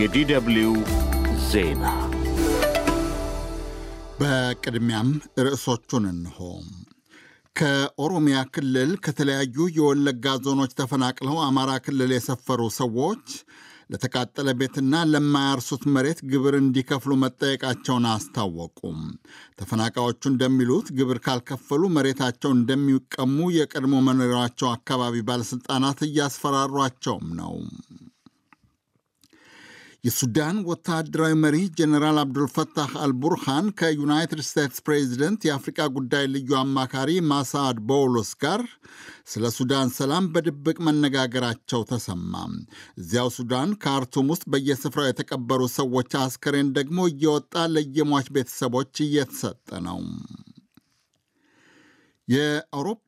የዲደብሊው ዜና በቅድሚያም ርዕሶቹን እንሆ። ከኦሮሚያ ክልል ከተለያዩ የወለጋ ዞኖች ተፈናቅለው አማራ ክልል የሰፈሩ ሰዎች ለተቃጠለ ቤትና ለማያርሱት መሬት ግብር እንዲከፍሉ መጠየቃቸውን አስታወቁም። ተፈናቃዮቹ እንደሚሉት ግብር ካልከፈሉ መሬታቸው እንደሚቀሙ የቀድሞ መኖሪያቸው አካባቢ ባለሥልጣናት እያስፈራሯቸውም ነው። የሱዳን ወታደራዊ መሪ ጀኔራል አብዱልፈታህ አልቡርሃን ከዩናይትድ ስቴትስ ፕሬዚደንት የአፍሪቃ ጉዳይ ልዩ አማካሪ ማሳድ ቦውሎስ ጋር ስለ ሱዳን ሰላም በድብቅ መነጋገራቸው ተሰማ። እዚያው ሱዳን ካርቱም ውስጥ በየስፍራው የተቀበሩ ሰዎች አስከሬን ደግሞ እየወጣ ለየሟች ቤተሰቦች እየተሰጠ ነው። የአውሮጳ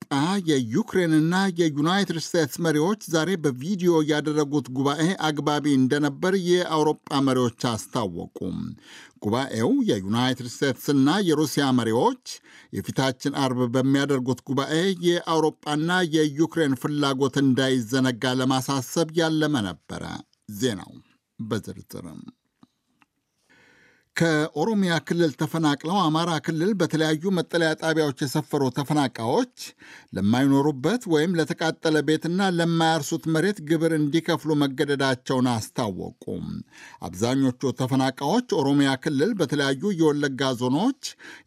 የዩክሬንና የዩናይትድ ስቴትስ መሪዎች ዛሬ በቪዲዮ ያደረጉት ጉባኤ አግባቢ እንደነበር የአውሮጳ መሪዎች አስታወቁ። ጉባኤው የዩናይትድ ስቴትስና የሩሲያ መሪዎች የፊታችን አርብ በሚያደርጉት ጉባኤ የአውሮጳና የዩክሬን ፍላጎት እንዳይዘነጋ ለማሳሰብ ያለመ ነበረ። ዜናው በዝርዝርም ከኦሮሚያ ክልል ተፈናቅለው አማራ ክልል በተለያዩ መጠለያ ጣቢያዎች የሰፈሩ ተፈናቃዮች ለማይኖሩበት ወይም ለተቃጠለ ቤትና ለማያርሱት መሬት ግብር እንዲከፍሉ መገደዳቸውን አስታወቁ። አብዛኞቹ ተፈናቃዮች ኦሮሚያ ክልል በተለያዩ የወለጋ ዞኖች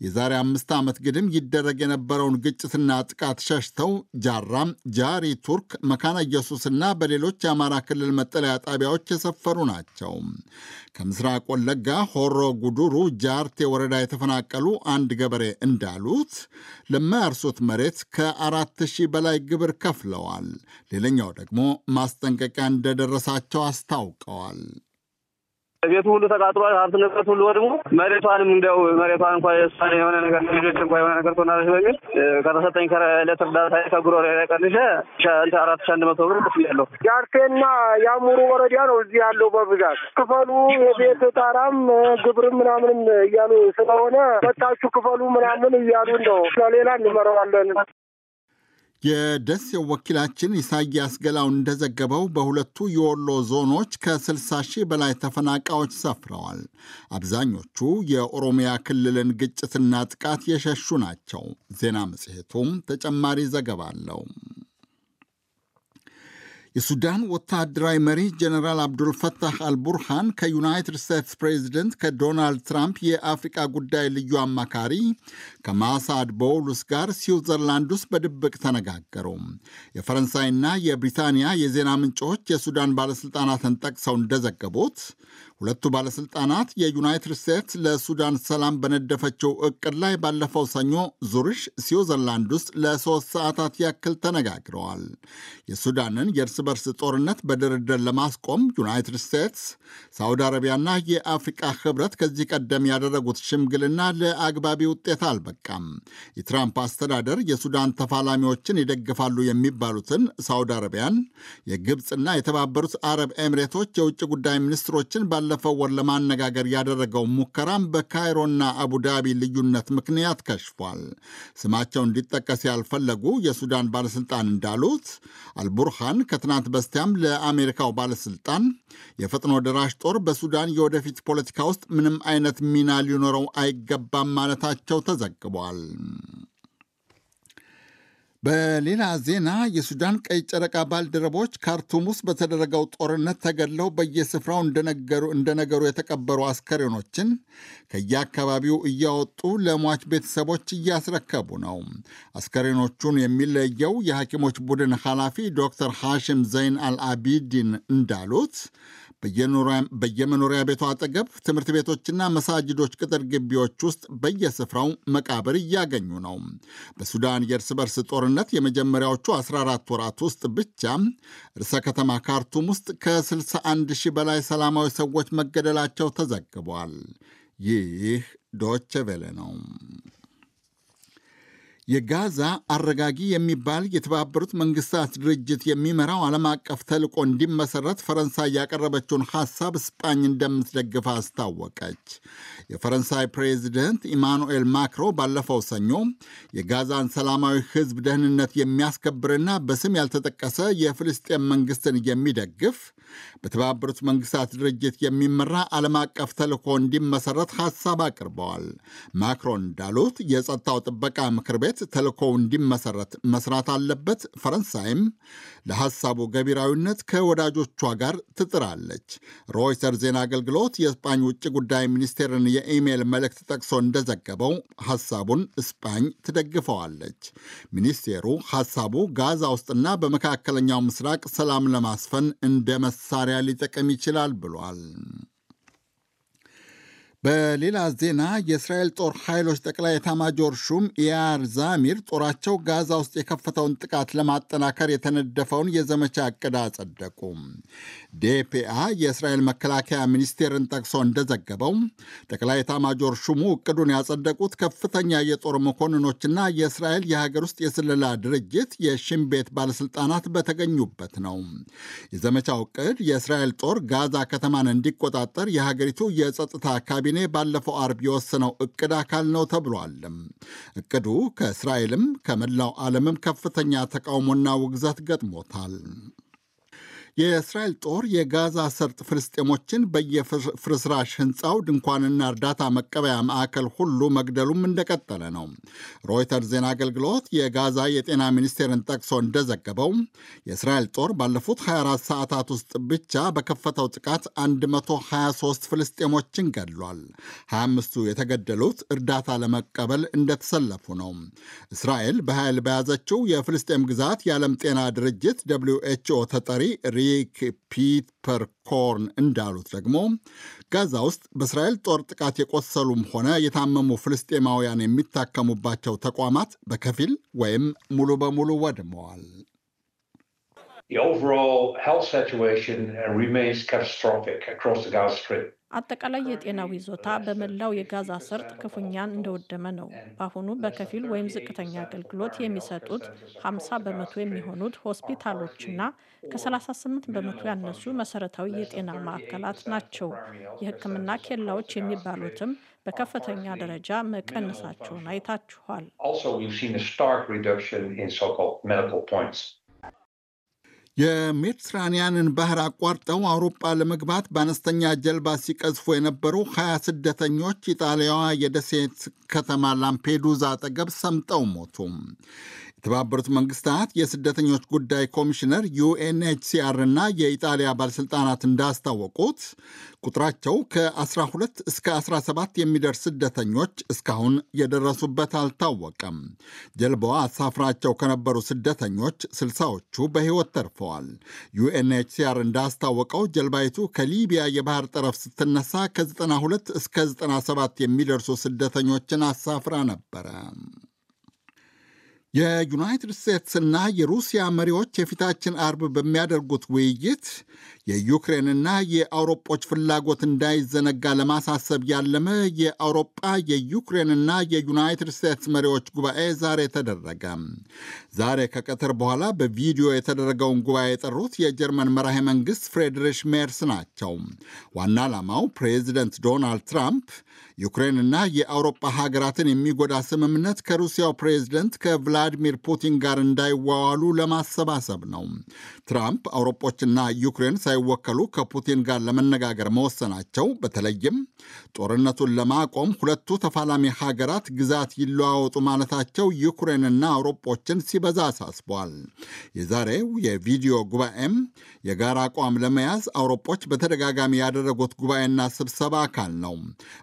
የዛሬ አምስት ዓመት ግድም ይደረግ የነበረውን ግጭትና ጥቃት ሸሽተው ጃራም፣ ጃሪ፣ ቱርክ፣ መካነ ኢየሱስና በሌሎች የአማራ ክልል መጠለያ ጣቢያዎች የሰፈሩ ናቸው። ከምስራቅ ወለጋ ሆሮ ጉዱሩ ጃርቴ ወረዳ የተፈናቀሉ አንድ ገበሬ እንዳሉት ለማያርሱት መሬት ከአራት ሺህ በላይ ግብር ከፍለዋል። ሌላኛው ደግሞ ማስጠንቀቂያ እንደደረሳቸው አስታውቀዋል። ቤቱ ሁሉ ተቃጥሏል። ሀብት ንብረት ሁሉ ወድሞ መሬቷንም እንዲያው መሬቷ እንኳ የእሷ የሆነ ነገር ልጆች እንኳ የሆነ ነገር ትሆናለች በሚል ከተሰጠኝ ከዕለት እርዳታ ከጉሮሮ ላይ አራት ሺ አንድ መቶ ብር ከፍያለሁ። ጃርቴና የአሙሩ ወረዳ ነው እዚህ ያለው በብዛት ክፈሉ፣ የቤት ጣራም ግብርም ምናምንም እያሉ ስለሆነ በታችሁ ክፈሉ ምናምን እያሉ እንደው ሌላ እንመረዋለን የደሴው ወኪላችን ኢሳያስ ገላው እንደዘገበው በሁለቱ የወሎ ዞኖች ከ60 ሺህ በላይ ተፈናቃዮች ሰፍረዋል። አብዛኞቹ የኦሮሚያ ክልልን ግጭትና ጥቃት የሸሹ ናቸው። ዜና መጽሔቱም ተጨማሪ ዘገባ አለው። የሱዳን ወታደራዊ መሪ ጀነራል አብዱልፈታህ አልቡርሃን ከዩናይትድ ስቴትስ ፕሬዚደንት ከዶናልድ ትራምፕ የአፍሪቃ ጉዳይ ልዩ አማካሪ ከማሳድ ቦውልስ ጋር ስዊዘርላንድ ውስጥ በድብቅ ተነጋገሩ። የፈረንሳይና የብሪታንያ የዜና ምንጮች የሱዳን ባለሥልጣናትን ጠቅሰው እንደዘገቡት ሁለቱ ባለስልጣናት የዩናይትድ ስቴትስ ለሱዳን ሰላም በነደፈችው እቅድ ላይ ባለፈው ሰኞ ዙርሽ ስዊዘርላንድ ውስጥ ለሶስት ሰዓታት ያክል ተነጋግረዋል። የሱዳንን የእርስ በርስ ጦርነት በድርድር ለማስቆም ዩናይትድ ስቴትስ፣ ሳውዲ አረቢያና የአፍሪቃ ህብረት ከዚህ ቀደም ያደረጉት ሽምግልና ለአግባቢ ውጤት አልበቃም። የትራምፕ አስተዳደር የሱዳን ተፋላሚዎችን ይደግፋሉ የሚባሉትን ሳውዲ አረቢያን፣ የግብፅና የተባበሩት አረብ ኤምሬቶች የውጭ ጉዳይ ሚኒስትሮችን ባለ ባለፈው ወር ለማነጋገር ያደረገው ሙከራም በካይሮና አቡዳቢ ልዩነት ምክንያት ከሽፏል። ስማቸው እንዲጠቀስ ያልፈለጉ የሱዳን ባለሥልጣን እንዳሉት አልቡርሃን ከትናንት በስቲያም ለአሜሪካው ባለሥልጣን የፈጥኖ ደራሽ ጦር በሱዳን የወደፊት ፖለቲካ ውስጥ ምንም አይነት ሚና ሊኖረው አይገባም ማለታቸው ተዘግቧል። በሌላ ዜና የሱዳን ቀይ ጨረቃ ባልደረቦች ካርቱም ውስጥ በተደረገው ጦርነት ተገድለው በየስፍራው እንደነገሩ የተቀበሩ አስከሬኖችን ከየአካባቢው እያወጡ ለሟች ቤተሰቦች እያስረከቡ ነው። አስከሬኖቹን የሚለየው የሐኪሞች ቡድን ኃላፊ ዶክተር ሐሽም ዘይን አልአቢዲን እንዳሉት በየመኖሪያ ቤቷ አጠገብ ትምህርት ቤቶችና መሳጅዶች ቅጥር ግቢዎች ውስጥ በየስፍራው መቃብር እያገኙ ነው። በሱዳን የእርስ በርስ ጦርነት የመጀመሪያዎቹ 14 ወራት ውስጥ ብቻ ርዕሰ ከተማ ካርቱም ውስጥ ከ61 ሺህ በላይ ሰላማዊ ሰዎች መገደላቸው ተዘግቧል። ይህ ዶቼ ቬለ ነው። የጋዛ አረጋጊ የሚባል የተባበሩት መንግስታት ድርጅት የሚመራው ዓለም አቀፍ ተልዕኮ እንዲመሰረት ፈረንሳይ ያቀረበችውን ሐሳብ ስጳኝ እንደምትደግፍ አስታወቀች። የፈረንሳይ ፕሬዚደንት ኢማኑኤል ማክሮ ባለፈው ሰኞ የጋዛን ሰላማዊ ሕዝብ ደህንነት የሚያስከብርና በስም ያልተጠቀሰ የፍልስጤም መንግስትን የሚደግፍ በተባበሩት መንግስታት ድርጅት የሚመራ ዓለም አቀፍ ተልዕኮ እንዲመሰረት ሐሳብ አቅርበዋል። ማክሮን እንዳሉት የጸጥታው ጥበቃ ምክር ቤት ተልዕኮው እንዲመሰረት መስራት አለበት። ፈረንሳይም ለሐሳቡ ገቢራዊነት ከወዳጆቿ ጋር ትጥራለች። ሮይተር ዜና አገልግሎት የስፓኝ ውጭ ጉዳይ ሚኒስቴርን የኢሜይል መልእክት ጠቅሶ እንደዘገበው ሐሳቡን ስፓኝ ትደግፈዋለች። ሚኒስቴሩ ሐሳቡ ጋዛ ውስጥና በመካከለኛው ምስራቅ ሰላም ለማስፈን እንደመ መሳሪያ ሊጠቀም ይችላል ብሏል። በሌላ ዜና የእስራኤል ጦር ኃይሎች ጠቅላይ ኤታማዦር ሹም ኢያር ዛሚር ጦራቸው ጋዛ ውስጥ የከፈተውን ጥቃት ለማጠናከር የተነደፈውን የዘመቻ እቅድ አጸደቁ። ዴፒአ የእስራኤል መከላከያ ሚኒስቴርን ጠቅሶ እንደዘገበው ጠቅላይ ኤታማዦር ሹሙ እቅዱን ያጸደቁት ከፍተኛ የጦር መኮንኖችና የእስራኤል የሀገር ውስጥ የስለላ ድርጅት የሽም ቤት ባለስልጣናት በተገኙበት ነው። የዘመቻው እቅድ የእስራኤል ጦር ጋዛ ከተማን እንዲቆጣጠር የሀገሪቱ የጸጥታ አካባቢ ካቢኔ ባለፈው አርብ የወሰነው እቅድ አካል ነው ተብሏል። እቅዱ ከእስራኤልም ከመላው ዓለምም ከፍተኛ ተቃውሞና ውግዘት ገጥሞታል። የእስራኤል ጦር የጋዛ ሰርጥ ፍልስጤሞችን በየፍርስራሽ ሕንፃው ድንኳንና እርዳታ መቀበያ ማዕከል ሁሉ መግደሉም እንደቀጠለ ነው። ሮይተር ዜና አገልግሎት የጋዛ የጤና ሚኒስቴርን ጠቅሶ እንደዘገበው የእስራኤል ጦር ባለፉት 24 ሰዓታት ውስጥ ብቻ በከፈተው ጥቃት 123 ፍልስጤሞችን ገድሏል። 25ቱ የተገደሉት እርዳታ ለመቀበል እንደተሰለፉ ነው። እስራኤል በኃይል በያዘችው የፍልስጤም ግዛት የዓለም ጤና ድርጅት ደብሊው ኤች ኦ ተጠሪ ሪክ ፒት ፐርኮርን እንዳሉት ደግሞ ጋዛ ውስጥ በእስራኤል ጦር ጥቃት የቆሰሉም ሆነ የታመሙ ፍልስጤማውያን የሚታከሙባቸው ተቋማት በከፊል ወይም ሙሉ በሙሉ ወድመዋል። the overall health situation uh, remains catastrophic across the Gaza Strip. አጠቃላይ የጤናው ይዞታ በመላው የጋዛ ሰርጥ ክፉኛን እንደወደመ ነው። በአሁኑ በከፊል ወይም ዝቅተኛ አገልግሎት የሚሰጡት 50 በመቶ የሚሆኑት ሆስፒታሎችና ከ38 በመቶ ያነሱ መሰረታዊ የጤና ማዕከላት ናቸው። የሕክምና ኬላዎች የሚባሉትም በከፍተኛ ደረጃ መቀነሳቸውን አይታችኋል። የሜዲትራንያንን ባህር አቋርጠው አውሮፓ ለመግባት በአነስተኛ ጀልባ ሲቀዝፉ የነበሩ ሀያ ስደተኞች ኢጣሊያዋ የደሴት ከተማ ላምፔዱዛ አጠገብ ሰምጠው ሞቱ። የተባበሩት መንግስታት የስደተኞች ጉዳይ ኮሚሽነር ዩኤንኤችሲአር እና የኢጣሊያ ባለሥልጣናት እንዳስታወቁት ቁጥራቸው ከ12 እስከ 17 የሚደርስ ስደተኞች እስካሁን የደረሱበት አልታወቀም። ጀልባዋ አሳፍራቸው ከነበሩ ስደተኞች ስልሳዎቹ በሕይወት ተርፈዋል። ዩኤንኤችሲአር እንዳስታወቀው ጀልባይቱ ከሊቢያ የባህር ጠረፍ ስትነሳ ከ92 እስከ 97 የሚደርሱ ስደተኞችን አሳፍራ ነበረ። የዩናይትድ ስቴትስና የሩሲያ መሪዎች የፊታችን አርብ በሚያደርጉት ውይይት የዩክሬንና የአውሮጶች ፍላጎት እንዳይዘነጋ ለማሳሰብ ያለመ የአውሮጳ የዩክሬንና የዩናይትድ ስቴትስ መሪዎች ጉባኤ ዛሬ ተደረገ። ዛሬ ከቀትር በኋላ በቪዲዮ የተደረገውን ጉባኤ የጠሩት የጀርመን መራሄ መንግሥት ፍሬድሪሽ ሜርስ ናቸው። ዋና ዓላማው ፕሬዚደንት ዶናልድ ትራምፕ ዩክሬንና የአውሮጳ ሀገራትን የሚጎዳ ስምምነት ከሩሲያው ፕሬዚደንት ከቭላዲሚር ፑቲን ጋር እንዳይዋዋሉ ለማሰባሰብ ነው። ትራምፕ አውሮጶችና ዩክሬን እንዳይወከሉ ከፑቲን ጋር ለመነጋገር መወሰናቸው በተለይም ጦርነቱን ለማቆም ሁለቱ ተፋላሚ ሀገራት ግዛት ይለዋወጡ ማለታቸው ዩክሬንና አውሮጶችን ሲበዛ አሳስቧል። የዛሬው የቪዲዮ ጉባኤም የጋራ አቋም ለመያዝ አውሮጶች በተደጋጋሚ ያደረጉት ጉባኤና ስብሰባ አካል ነው።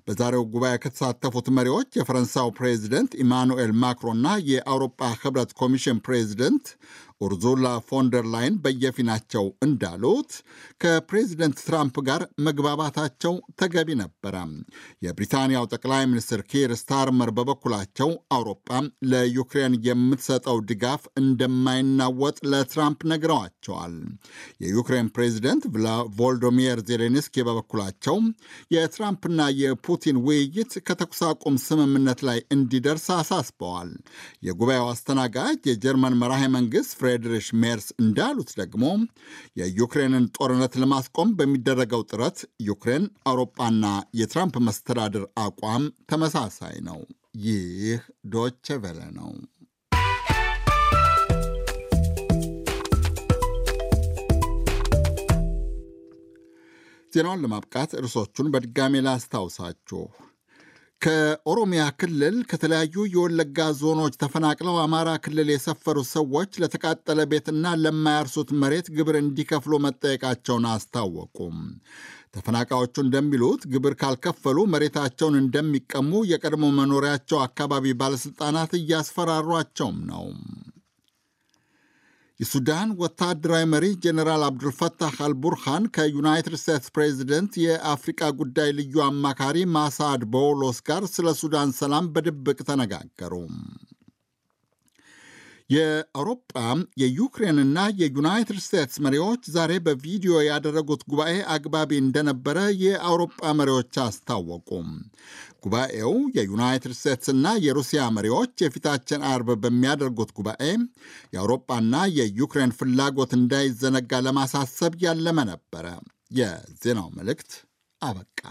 በዛሬው ጉባኤ ከተሳተፉት መሪዎች የፈረንሳው ፕሬዚደንት ኢማኑኤል ማክሮንና የአውሮፓ ህብረት ኮሚሽን ፕሬዚደንት ኡርዙላ ፎንደር ላይን በየፊናቸው እንዳሉት ከፕሬዚደንት ትራምፕ ጋር መግባባታቸው ተገቢ ነበረ። የብሪታንያው ጠቅላይ ሚኒስትር ኪር ስታርመር በበኩላቸው አውሮፓ ለዩክሬን የምትሰጠው ድጋፍ እንደማይናወጥ ለትራምፕ ነግረዋቸዋል። የዩክሬን ፕሬዚደንት ቮልዶሚየር ዜሌንስኪ በበኩላቸው የትራምፕና የፑቲን ውይይት ከተኩስ አቁም ስምምነት ላይ እንዲደርስ አሳስበዋል። የጉባኤው አስተናጋጅ የጀርመን መራሄ መንግስት ፍሬድሪሽ ሜርስ እንዳሉት ደግሞ የዩክሬንን ጦርነት ለማስቆም በሚደረገው ጥረት ዩክሬን፣ አውሮፓና የትራምፕ መስተዳድር አቋም ተመሳሳይ ነው። ይህ ዶቼ ቬለ ነው። ዜናውን ለማብቃት እርሶቹን በድጋሜ ላስታውሳችሁ። ከኦሮሚያ ክልል ከተለያዩ የወለጋ ዞኖች ተፈናቅለው አማራ ክልል የሰፈሩ ሰዎች ለተቃጠለ ቤትና ለማያርሱት መሬት ግብር እንዲከፍሉ መጠየቃቸውን አስታወቁም። ተፈናቃዮቹ እንደሚሉት ግብር ካልከፈሉ መሬታቸውን እንደሚቀሙ የቀድሞ መኖሪያቸው አካባቢ ባለሥልጣናት እያስፈራሯቸውም ነው። የሱዳን ወታደራዊ መሪ ጀኔራል አብዱልፈታህ አልቡርሃን ከዩናይትድ ስቴትስ ፕሬዚደንት የአፍሪቃ ጉዳይ ልዩ አማካሪ ማሳድ በውሎስ ጋር ስለ ሱዳን ሰላም በድብቅ ተነጋገሩ። የአውሮጳ የዩክሬንና የዩናይትድ ስቴትስ መሪዎች ዛሬ በቪዲዮ ያደረጉት ጉባኤ አግባቢ እንደነበረ የአውሮጳ መሪዎች አስታወቁም። ጉባኤው የዩናይትድ ስቴትስና የሩሲያ መሪዎች የፊታችን አርብ በሚያደርጉት ጉባኤ የአውሮጳና የዩክሬን ፍላጎት እንዳይዘነጋ ለማሳሰብ ያለመ ነበረ። የዜናው መልእክት አበቃ።